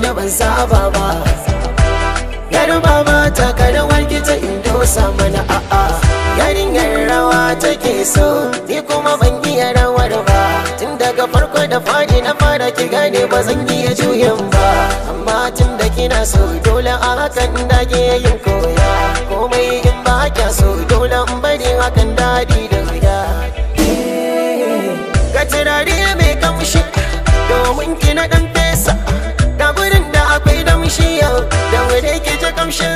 da ban saba ba Yarba ba ta ta gita indosa mana a'a Yarinyar rawa take so ni kuma ban iya rawar ba Tun daga farko da fadi na fara ki gane ba zan iya juyin ba Amma tun da kina so dole a hakan da ke yin koya Komai in ba kya so dole in bari hakan dadi da ya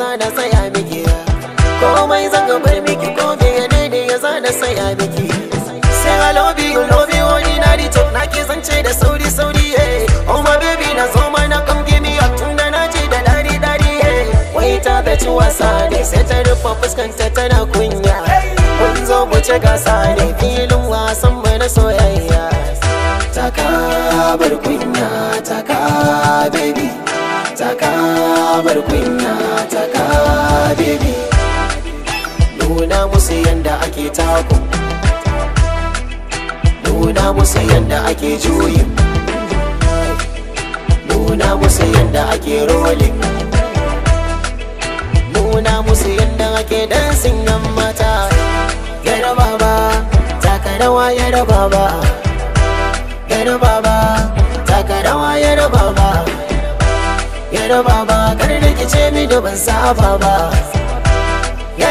zada sai a miki komai zanga bar miki ko ya daidai ya zada sai saya miki sai a lobi you lobi woni na di to na ke zance da sauri sauri eh oh my baby na zo mai na come give me up tunda da na ji da dari dari eh wai ta da ci wasa ne sai ta rufa fuskanta tana kunya mun zo mu ci gasa ne filin wasan mai na soyayya ta bar kunya taka bar kunya taka baby nuna musu yanda ake taku. nuna musu yanda ake juyi nuna musu yanda ake rolling nuna musu yanda ake dancing 'yan mata ya raba ba taka ya raba ba raba ba kar da ki ce mi da ban saba ba ya